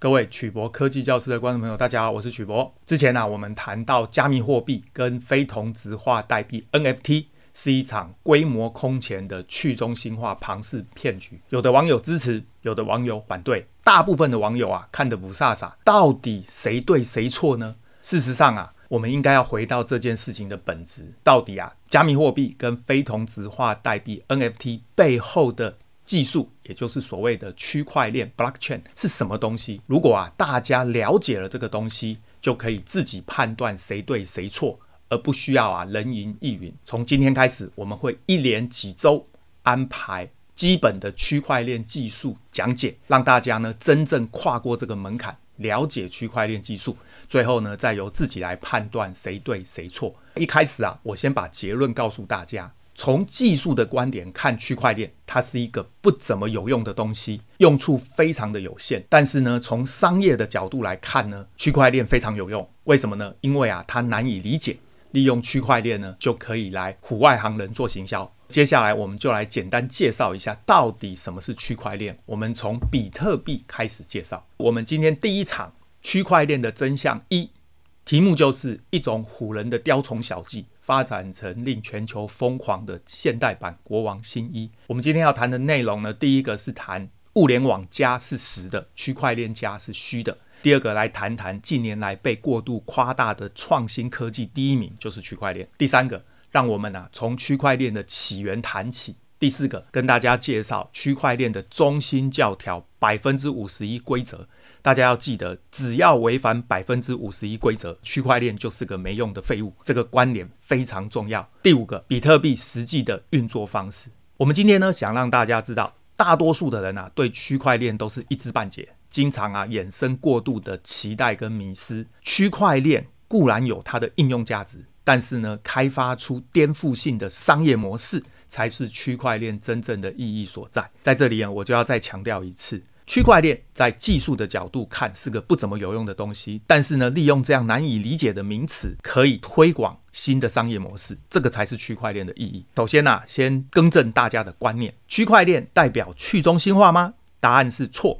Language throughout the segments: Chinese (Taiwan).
各位曲博科技教室的觀眾朋友，大家好，我是曲博。之前呢、啊，我們談到加密貨幣跟非同質化代幣 NFT 是一場規模空前的去中心化龐氏騙局，有的網友支持，有的網友反對，大部分的網友啊看得霧煞煞，到底誰對誰錯呢？事實上啊，我們應該要回到這件事情的本質，到底啊，加密貨幣跟非同質化代幣 NFT 背後的技術，也就是所謂的區塊鏈 （blockchain） 是什麼東西？如果啊，大家了解了這個東西，就可以自己判斷誰對誰錯，而不需要啊人云亦云。從今天開始，我們會一連幾周安排基本的區塊鏈技術講解，讓大家呢真正跨過這個門檻，了解區塊鏈技術。最後呢，再由自己來判斷誰對誰錯。一開始啊，我先把結論告訴大家。從技術的觀點看，區塊鏈它是一個不怎麼有用的東西，用處非常的有限。但是呢，從商業的角度來看呢，區塊鏈非常有用。為什麼呢？因為啊，它難以理解。利用區塊鏈呢，就可以來唬外行人做行銷。接下來，我們就來簡單介紹一下到底什麼是區塊鏈。我們從比特幣開始介紹。我們今天第一場區塊鏈的真相一，題目就是一種唬人的雕蟲小技，發展成令全球瘋狂的現代版《國王新衣》。我們今天要談的內容呢，第一個是談物聯網加是實的，區塊鏈加是虛的。第二個來談談近年來被過度誇大的創新科技，第一名就是區塊鏈。第三個，讓我們呢、啊、從區塊鏈的起源談起。第四個，跟大家介紹區塊鏈的中心教條百分之五十一規則。大家要記得，只要違反百分之五十一規則，區塊鏈就是個沒用的廢物。這個觀點非常重要。第五個，比特幣實際的運作方式。我們今天呢，想讓大家知道，大多數的人啊，對區塊鏈都是一知半解，經常啊衍生過度的期待跟迷思。區塊鏈固然有它的應用價值，但是呢，開發出顛覆性的商業模式。才是區塊鏈真正的意義所在。在這裡啊，我就要再強調一次：區塊鏈在技術的角度看是個不怎麼有用的東西，但是呢，利用這樣難以理解的名詞可以推廣新的商業模式，這個才是區塊鏈的意義。首先呢，先更正大家的觀念：區塊鏈代表去中心化嗎？答案是錯。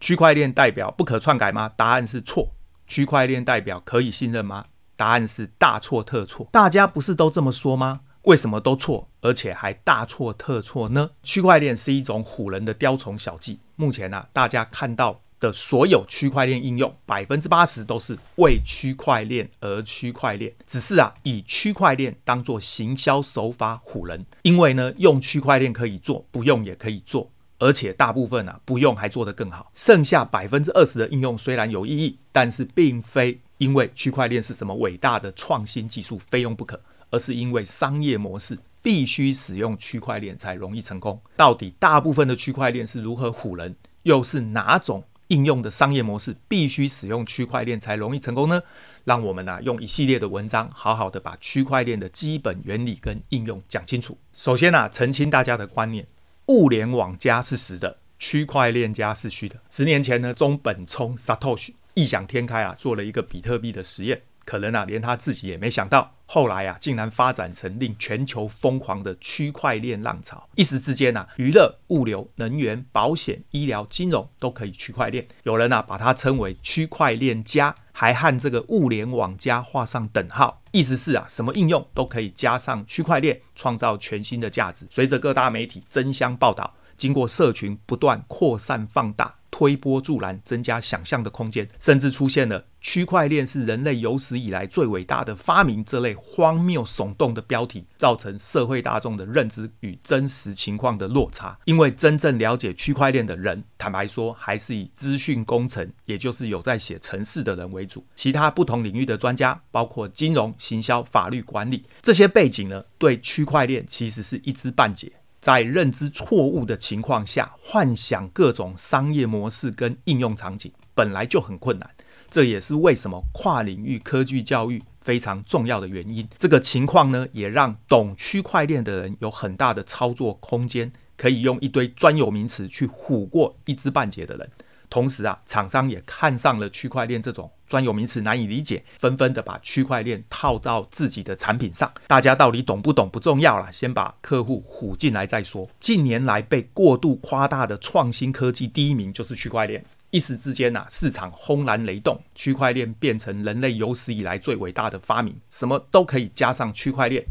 區塊鏈代表不可篡改嗎？答案是錯。區塊鏈代表可以信任嗎？答案是大錯特錯。大家不是都這麼說嗎？為什麼都錯，而且還大錯特錯呢？區塊鏈是一種唬人的雕蟲小技。目前啊，大家看到的所有區塊鏈應用，百分之八十都是為區塊鏈而區塊鏈，只是啊，以區塊鏈當做行銷手法唬人。因為呢，用區塊鏈可以做，不用也可以做，而且大部分呢，啊，不用還做得更好。剩下百分之二十的應用雖然有意義，但是並非因為區塊鏈是什麼偉大的創新技術，非用不可。而是因為商業模式必須使用區塊鏈才容易成功。到底大部分的區塊鏈是如何唬人，又是哪種應用的商業模式必須使用區塊鏈才容易成功呢？讓我們呢、啊、用一系列的文章，好好的把區塊鏈的基本原理跟應用講清楚。首先呢、啊，澄清大家的觀念，物聯網加是實的，區塊鏈加是虛的。十年前呢，中本聰 Satoshi 異想天開啊，做了一個比特幣的實驗。可能啊，連他自己也沒想到，後來啊，竟然發展成令全球瘋狂的區塊鏈浪潮。一時之間啊，娛樂、物流、能源、保險、醫療、金融都可以區塊鏈。有人呢、啊，把它稱為區塊鏈加，還和這個物聯網加畫上等號，意思是啊，什麼應用都可以加上區塊鏈，創造全新的價值。隨着各大媒體爭相報道。經過社群不斷擴散、放大、推波助瀾，增加想象的空間，甚至出現了“區塊鏈是人類有史以來最偉大的發明”這類荒謬聳動的標題，造成社會大眾的認知與真實情況的落差。因為真正了解區塊鏈的人，坦白說，還是以資訊工程，也就是有在寫程式的人為主，其他不同領域的專家，包括金融、行銷、法律、管理這些背景呢，對區塊鏈其實是一知半解。在認知錯誤的情況下，幻想各種商業模式跟應用場景，本來就很困難。這也是為什麼跨領域科技教育非常重要的原因。這個情況呢，也讓懂區塊鏈的人有很大的操作空間，可以用一堆專有名詞去唬過一知半解的人。同時啊，廠商也看上了區塊鏈這種專有名詞難以理解，紛紛的把區塊鏈套到自己的產品上。大家到底懂不懂不重要了，先把客戶唬進來再說。近年來被過度誇大的創新科技，第一名就是區塊鏈。一時之間啊，市場轟然雷動，區塊鏈變成人類有史以來最偉大的發明，什麼都可以加上區塊鏈。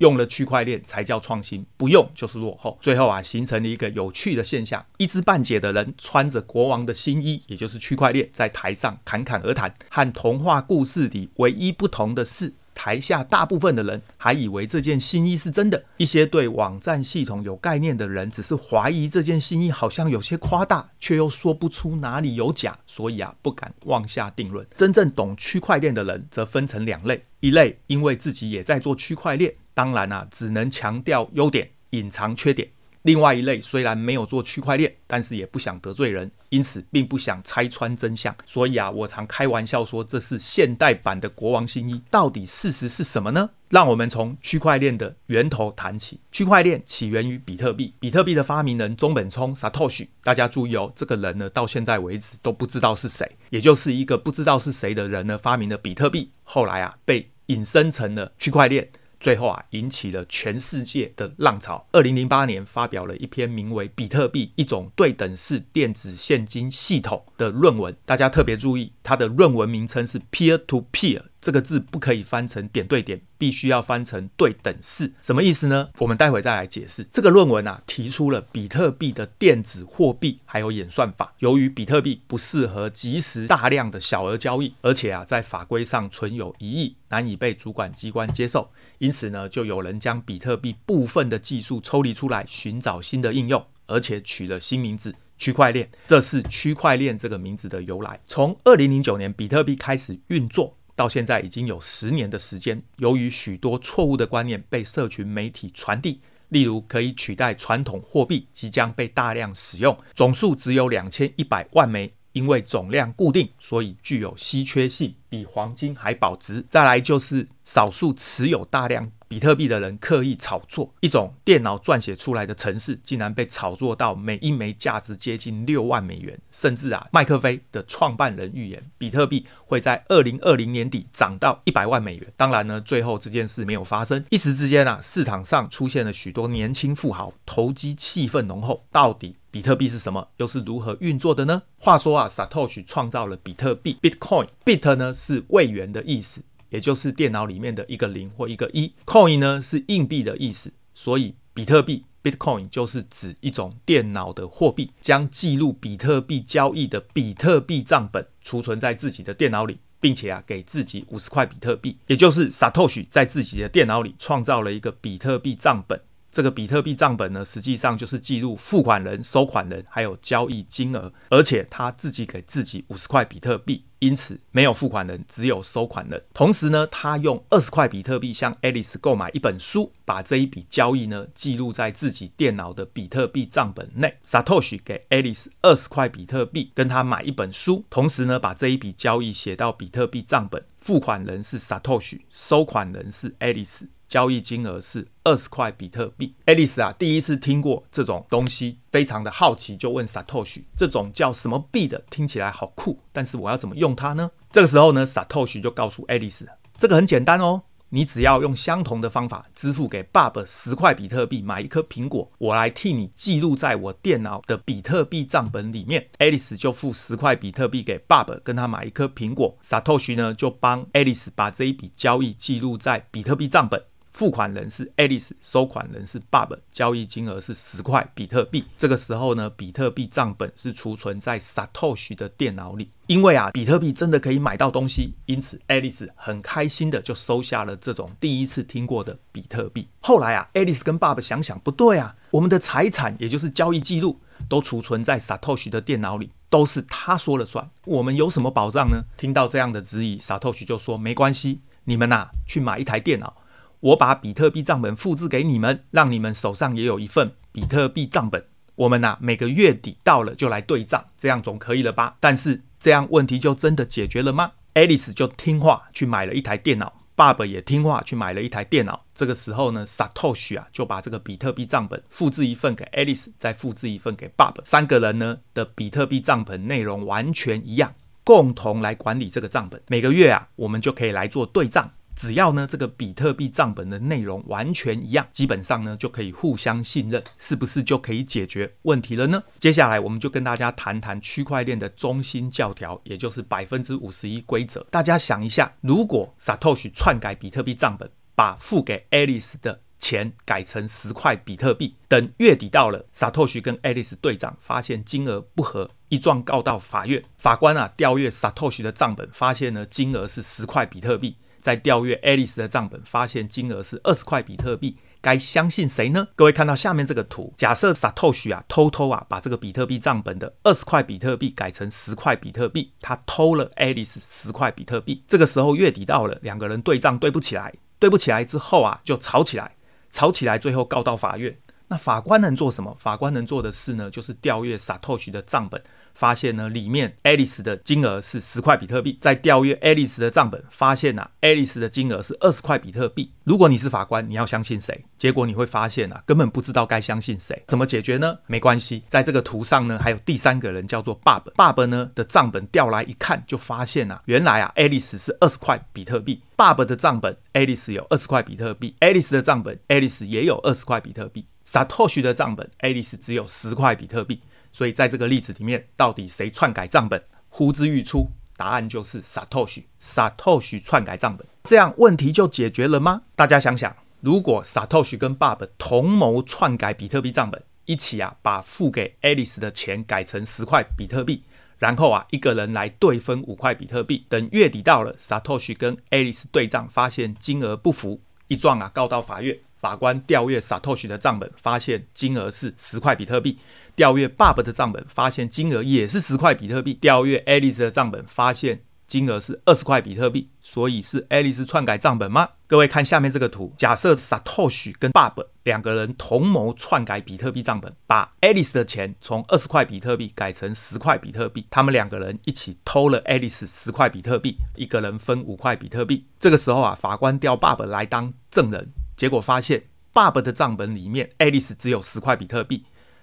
用了區塊鏈才叫創新，不用就是落後。最後啊，形成了一個有趣的現象：一知半解的人穿着國王的新衣，也就是區塊鏈，在台上侃侃而談。和童話故事裡唯一不同的是。台下大部分的人還以為這件新衣是真的，一些對網站系統有概念的人只是懷疑這件新衣好像有些誇大，卻又說不出哪裡有假，所以啊不敢妄下定論。真正懂區塊鏈的人則分成兩類，一類因為自己也在做區塊鏈，當然啊只能強調優點，隱藏缺點。另外一類雖然沒有做區塊鏈，但是也不想得罪人，因此並不想拆穿真相。所以啊，我常開玩笑說這是現代版的國王新衣。到底事實是什麼呢？讓我們從區塊鏈的源頭談起。區塊鏈起源於比特幣，比特幣的發明人中本聰 （Satoshi）。大家注意哦，這個人呢到現在為止都不知道是誰，也就是一個不知道是誰的人呢發明了比特幣，後來啊被引申成了區塊鏈。最後啊，引起了全世界的浪潮。二零零八年，發表了一篇名為《比特幣：一種對等式電子現金系統》的論文。大家特別注意，它的論文名稱是 peer to peer。peer 這個字不可以翻成點對點，必須要翻成對等式。什麼意思呢？我們待會再來解釋。這個論文啊，提出了比特幣的電子貨幣還有演算法。由於比特幣不適合即時大量的小額交易，而且啊在法規上存有疑義，難以被主管機關接受，因此呢，就有人將比特幣部分的技術抽離出來，尋找新的應用，而且取了新名字——區塊鏈。這是區塊鏈這個名字的由來。從二零零九年比特幣開始運作。到現在已經有十年的時間，由於許多錯誤的觀念被社群媒體傳遞，例如可以取代傳統貨幣，即將被大量使用，總數只有兩千一百萬枚，因為總量固定，所以具有稀缺性，比黃金還保值。再來就是少數持有大量比特幣的人刻意炒作，一種電腦撰寫出來的程式竟然被炒作到每一枚價值接近六萬美元。甚至啊，麥克菲的創辦人預言比特幣會在二零二零年底漲到一百萬美元。當然呢，最後這件事沒有發生。一時之間啊，市場上出現了許多年輕富豪，投機氣氛濃厚。到底比特幣是什麼？又是如何運作的呢？話說啊，Satoshi 創造了比特幣 （Bitcoin），“bit” Bitcoin 呢是位元的意思。也就是電腦裡面的一個零或一個一，coin 呢是硬幣的意思，所以比特幣 Bitcoin 就是指一種電腦的貨幣，將記錄比特幣交易的比特幣賬本儲存在自己的電腦裡，並且啊給自己五十塊比特幣，也就是薩托許在自己的電腦裡創造了一個比特幣賬本。這個比特幣賬本呢，實際上就是記錄付款人、收款人還有交易金額，而且他自己給自己五十塊比特幣，因此沒有付款人，只有收款人。同時呢，他用二十塊比特幣向 Alice 購買一本書，把這一筆交易呢記錄在自己電腦的比特幣賬本內。Satoshi 給 Alice 二十塊比特幣，跟他買一本書，同時呢把這一筆交易寫到比特幣賬本。付款人是 Satoshi，收款人是 Alice。交易金額是二十塊比特幣。愛麗絲啊，第一次聽過這種東西，非常的好奇，就問 Satoshi 這種叫什麼幣的，聽起來好酷，但是我要怎麼用它呢？這個時候呢，Satoshi 就告訴愛麗絲，這個很簡單哦，你只要用相同的方法支付給 Bob 十塊比特幣買一顆蘋果，我來替你記錄在我電腦的比特幣賬本裡面。愛麗絲就付十塊比特幣給 Bob，跟他買一顆蘋果。Satoshi 呢，就幫愛麗絲把這一筆交易記錄在比特幣賬本。付款人是 Alice，收款人是 Bob，交易金額是十塊比特幣。這個時候呢，比特幣賬本是儲存在 Satoshi 的電腦裡。因為啊，比特幣真的可以買到東西，因此 Alice 很開心的就收下了這種第一次聽過的比特幣。後來啊，Alice 跟 Bob 想想不對啊，我們的財產也就是交易記錄都儲存在 Satoshi 的電腦裡，都是他說了算，我們有什麼保障呢？聽到這樣的質疑，Satoshi 就說沒關係，你們吶啊，去買一台電腦。我把比特幣賬本複製給你們，讓你們手上也有一份比特幣賬本。我們吶、啊，每個月底到了就來對賬，這樣總可以了吧？但是這樣問題就真的解決了嗎？Alice 就聽話去買了一台電腦，Bob 也聽話去買了一台電腦。這個時候呢，Satoshi 啊就把這個比特幣賬本複製一份給 Alice，再複製一份給 Bob。三個人呢的比特幣賬本內容完全一樣，共同來管理這個賬本。每個月啊，我們就可以來做對賬。只要呢這個比特幣賬本的內容完全一樣，基本上呢就可以互相信任，是不是就可以解決問題了呢？接下來我們就跟大家談談區塊鏈的中心教條，也就是百分之五十一規則。大家想一下，如果 Satoshi 篡改比特幣賬本，把付給 Alice 的錢改成十塊比特幣，等月底到了，Satoshi 跟 Alice 對賬，發現金額不合，一狀告到法院，法官啊調閱 Satoshi 的賬本，發現呢金額是十塊比特幣。在調閱 Alice 的賬本，發現金額是二十塊比特幣，該相信誰呢？各位看到下面這個圖，假設 Satoshi 啊偷偷啊把這個比特幣賬本的二十塊比特幣改成十塊比特幣，他偷了 Alice 十塊比特幣。這個時候月底到了，兩個人對賬對不起來，對不起來之後啊就吵起來，吵起來最後告到法院。那法官能做什麼？法官能做的事呢，就是調閱 Satoshi 的賬本。發現呢，裡面 Alice 的金額是十塊比特幣。在調閱 Alice 的賬本，發現啊，Alice 的金額是二十塊比特幣。如果你是法官，你要相信誰？結果你會發現啊，根本不知道該相信誰？怎麼解決呢？沒關係，在這個圖上呢，還有第三個人叫做 Bob。Bob 呢的賬本調來一看，就發現啊，原來啊，Alice 是二十塊比特幣。Bob 的賬本，Alice 有二十塊比特幣。Alice 的賬本，Alice 也有二十塊比特幣。Satoshi 的賬本，Alice 只有十塊比特幣。所以在這個例子裡面，到底誰篡改賬本，呼之欲出。答案就是 Satoshi，Satoshi 篡改賬本，這樣問題就解決了嗎？大家想想，如果 Satoshi 跟 Bob 同謀篡改比特幣賬本，一起啊把付給 Alice 的錢改成十塊比特幣，然後啊一個人來對分五塊比特幣，等月底到了，Satoshi 跟 Alice 對賬發現金額不符，一狀啊告到法院，法官調閱 Satoshi 的賬本，發現金額是十塊比特幣。調閱 Bob 的賬本，發現金額也是十塊比特幣。調閱 Alice 的賬本，發現金額是二十塊比特幣。所以是 Alice 篡改賬本嗎？各位看下面這個圖，假設 Satoshi 跟 Bob 兩個人同謀篡改比特幣賬本，把 Alice 的錢從二十塊比特幣改成十塊比特幣。他們兩個人一起偷了 Alice 十塊比特幣，一個人分五塊比特幣。這個時候啊，法官調 Bob 來當證人，結果發現 Bob 的賬本裡面 Alice 只有十塊比特幣。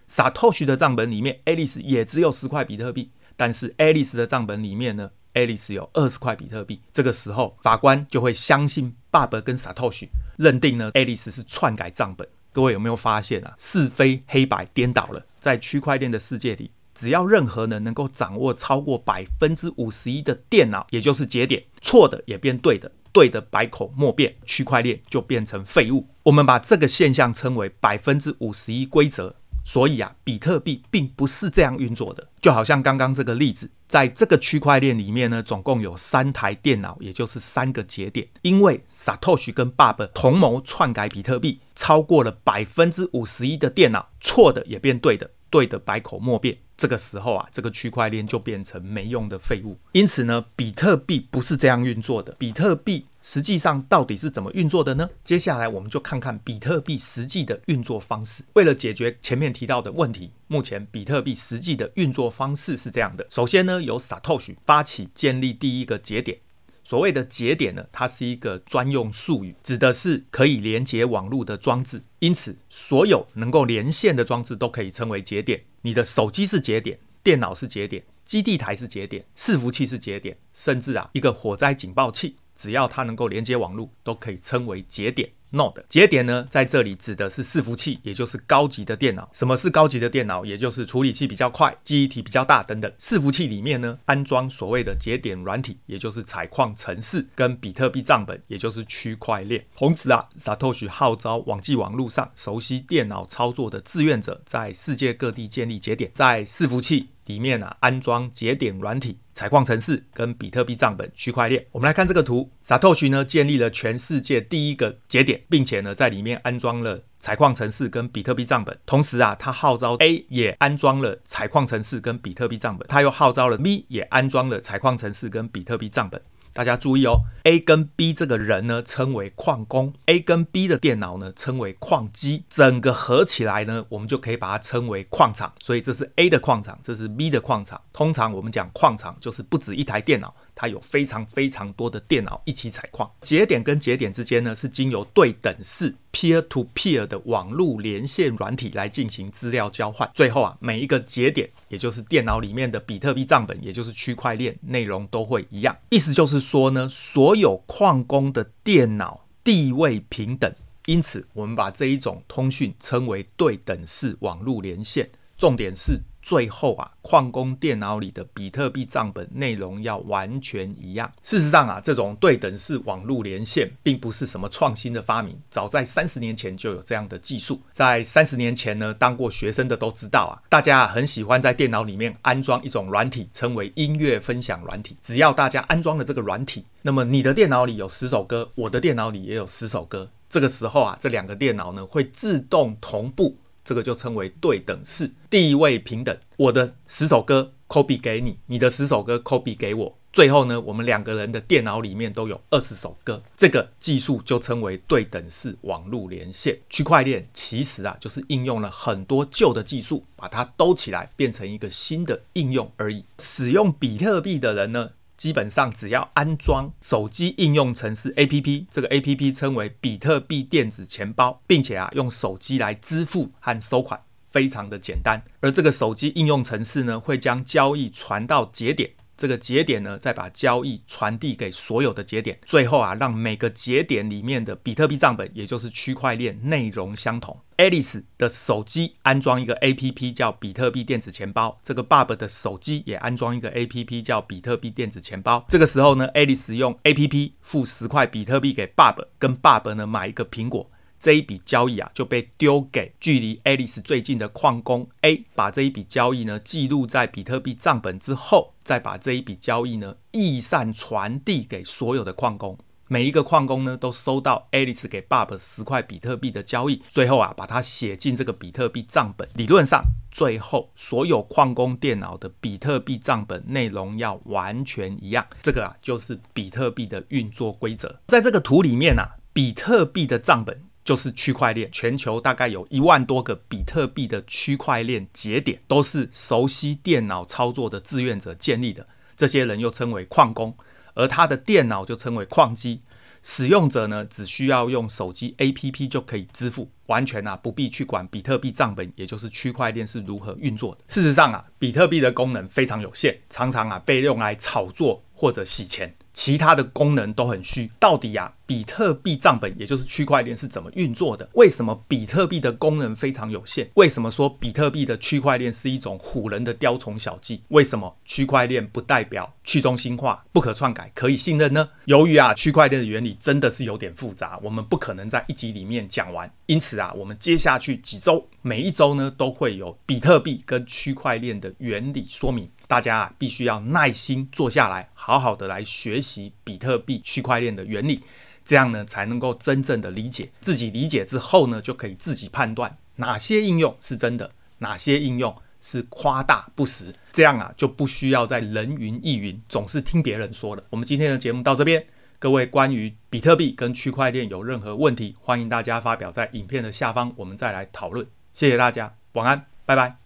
Satoshi 的賬本裡面，Alice 也只有十塊比特幣。但是 Alice 的賬本裡面呢，Alice 有二十塊比特幣。這個時候，法官就會相信 Bob 跟 Satoshi，認定呢 Alice 是篡改賬本。各位有沒有發現啊？是非黑白顛倒了。在區塊鏈的世界裡，只要任何人能夠掌握超過百分之五十一的電腦，也就是節點，錯的也變對的，對的百口莫辯，區塊鏈就變成廢物。我們把這個現象稱為百分之五十一規則。所以啊，比特幣並不是這樣運作的。就好像剛剛這個例子，在這個區塊鏈裡面呢，總共有三台電腦，也就是三個節點，因為 Satoshi 跟 Bob 同謀篡改比特幣，超過了百分之五十一的電腦，錯的也變對的。對的，百口莫辯。這個時候啊，這個區塊鏈就變成沒用的廢物。因此呢，比特幣不是這樣運作的。比特幣實際上到底是怎麼運作的呢？接下來我們就看看比特幣實際的運作方式。為了解決前面提到的問題，目前比特幣實際的運作方式是這樣的。首先呢，由 Satoshi 發起建立第一個節點。所謂的節點呢，它是一個專用術語，指的是可以連接網路的裝置。因此，所有能夠連線的裝置都可以稱為節點。你的手機是節點，電腦是節點，基地台是節點，伺服器是節點，甚至啊，一個火災警報器，只要它能夠連接網路，都可以稱為節點。Node 節點呢，在這裡指的是伺服器，也就是高級的電腦。什麼是高級的電腦？也就是處理器比較快，記憶體比較大等等。伺服器裡面呢，安裝所謂的節點軟體，也就是採礦程式、跟比特幣賬本，也就是區塊鏈。同時啊，Satoshi 號召網際網路上熟悉電腦操作的志願者，在世界各地建立節點，在伺服器裡面啊，安裝節點軟體、採礦程式跟比特幣賬本，區塊鏈。我們來看這個圖，Satoshi 呢建立了全世界第一個節點，並且呢在裡面安裝了採礦程式跟比特幣賬本。同時啊，他號召 A 也安裝了採礦程式跟比特幣賬本，他又號召了 B 也安裝了採礦程式跟比特幣賬本。大家注意哦，A 跟 B 這個人呢稱為礦工，A 跟 B 的電腦呢稱為礦機，整個合起來呢，我們就可以把它稱為礦場。所以這是 A 的礦場，這是 B 的礦場。通常我們講礦場就是不止一台電腦，它有非常非常多的電腦一起採礦。節點跟節點之間呢是經由對等式。Peer to peer 的網路連線軟體來進行資料交換。最後啊，每一個節點，也就是電腦裡面的比特幣賬本，也就是區塊鏈內容都會一樣。意思就是說呢，所有礦工的電腦地位平等，因此我們把這一種通訊稱為對等式網路連線。重點是。最後啊，礦工電腦裡的比特幣賬本內容要完全一樣。事實上啊，這種對等式網絡連線並不是什麼創新的發明，早在三十年前就有這樣的技術。在三十年前呢，當過學生的都知道啊，大家很喜歡在電腦裡面安裝一種軟體，稱為音樂分享軟體。只要大家安裝了這個軟體，那麼你的電腦裡有十首歌，我的電腦裡也有十首歌。這個時候啊，這兩個電腦呢，會自動同步。這個就稱為對等式，地位平等。我的十首歌，copy 給你，你的十首歌，copy 給我。最後呢，我們兩個人的電腦裡面都有二十首歌。這個技術就稱為對等式網絡連線。區塊鏈其實啊，就是應用了很多舊的技術，把它兜起來，變成一個新的應用而已。使用比特幣的人呢，基本上只要安裝手機應用程式 APP，這個 APP 稱為比特幣電子錢包，並且啊用手機來支付和收款，非常的簡單。而這個手機應用程式呢，會將交易傳到節點。這個節點呢，再把交易傳遞給所有的節點，最後啊，讓每個節點裡面的比特幣賬本，也就是區塊鏈內容相同。Alice 的手機安裝一個 APP 叫比特幣電子錢包，這個 Bob 的手機也安裝一個 APP 叫比特幣電子錢包。這個時候呢，Alice 用 APP 付十塊比特幣給 Bob，跟 Bob 呢買一個蘋果。這一筆交易啊就被丟給距離 Alice 最近的礦工 A，把這一筆交易呢記錄在比特幣賬本之後，再把這一筆交易呢依序傳遞給所有的礦工，每一個礦工呢都收到 Alice 給 Bob 十塊比特幣的交易，最後啊把它寫進這個比特幣賬本。理論上，最後所有礦工電腦的比特幣賬本內容要完全一樣。這個啊就是比特幣的運作規則。在這個圖裡面啊，比特幣的賬本。就是區塊鏈，全球大概有一萬多個比特幣的區塊鏈節點，都是熟悉電腦操作的志願者建立的。這些人又稱為礦工，而他的電腦就稱為礦機。使用者呢，只需要用手機 APP 就可以支付，完全啊不必去管比特幣賬本，也就是區塊鏈是如何運作的。事實上啊，比特幣的功能非常有限，常常啊被用來炒作或者洗錢。其他的功能都很虛，到底啊，比特幣賬本也就是區塊鏈是怎麼運作的？為什麼比特幣的功能非常有限？為什麼說比特幣的區塊鏈是一種唬人的雕蟲小技？為什麼區塊鏈不代表去中心化、不可篡改、可以信任呢？由於啊，區塊鏈的原理真的是有點複雜，我們不可能在一集裡面講完。因此啊，我們接下去幾周，每一周呢都會有比特幣跟區塊鏈的原理說明。大家啊，必須要耐心坐下來，好好的來學習比特幣區塊鏈的原理，這樣呢才能夠真正的理解。自己理解之後呢，就可以自己判斷哪些應用是真的，哪些應用是誇大不實。這樣啊，就不需要再人云亦云，總是聽別人說的。我們今天的節目到這邊，各位關於比特幣跟區塊鏈有任何問題，歡迎大家發表在影片的下方，我們再來討論。謝謝大家，晚安，拜拜。